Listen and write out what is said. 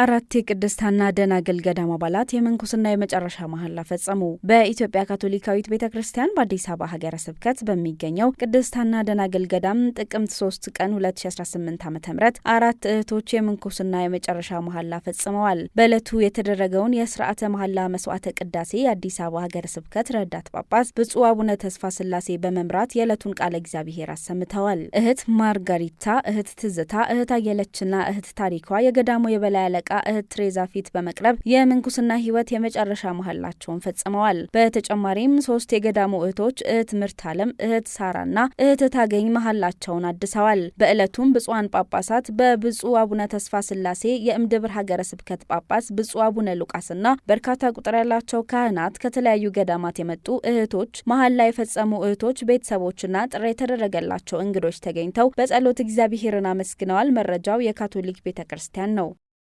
አራት የቅድስታና ሐና ደናግል ገዳም አባላት የምንኩስና የመጨረሻ መሐላ ፈጸሙ። በኢትዮጵያ ካቶሊካዊት ቤተ ክርስቲያን በአዲስ አበባ ሀገረ ስብከት በሚገኘው ቅድስታና ሐና ደናግል ገዳም ጥቅምት 3 ቀን 2018 ዓ ም አራት እህቶች የምንኩስና የመጨረሻ መሐላ ፈጽመዋል። በዕለቱ የተደረገውን የስርዓተ መሐላ መስዋዕተ ቅዳሴ የአዲስ አበባ ሀገረ ስብከት ረዳት ጳጳስ ብፁዕ አቡነ ተስፋ ስላሴ በመምራት የዕለቱን ቃለ እግዚአብሔር አሰምተዋል። እህት ማርጋሪታ፣ እህት ትዝታ፣ እህት አየለችና እህት ታሪኳ የገዳሙ የበላይ አለቃ እህት ትሬዛ ፊት በመቅረብ የምንኩስና ሕይወት የመጨረሻ መሀላቸውን ፈጽመዋል። በተጨማሪም ሶስት የገዳሙ እህቶች እህት ምርት አለም፣ እህት ሳራና እህት ታገኝ መሀላቸውን አድሰዋል። በዕለቱም ብፁዓን ጳጳሳት በብፁዕ አቡነ ተስፋ ስላሴ የእምድብር ሀገረ ስብከት ጳጳስ ብፁዕ አቡነ ሉቃስና በርካታ ቁጥር ያላቸው ካህናት ከተለያዩ ገዳማት የመጡ እህቶች መሀል ላይ የፈጸሙ እህቶች ቤተሰቦችና ጥሪ የተደረገላቸው እንግዶች ተገኝተው በጸሎት እግዚአብሔርን አመስግነዋል። መረጃው የካቶሊክ ቤተ ክርስቲያን ነው።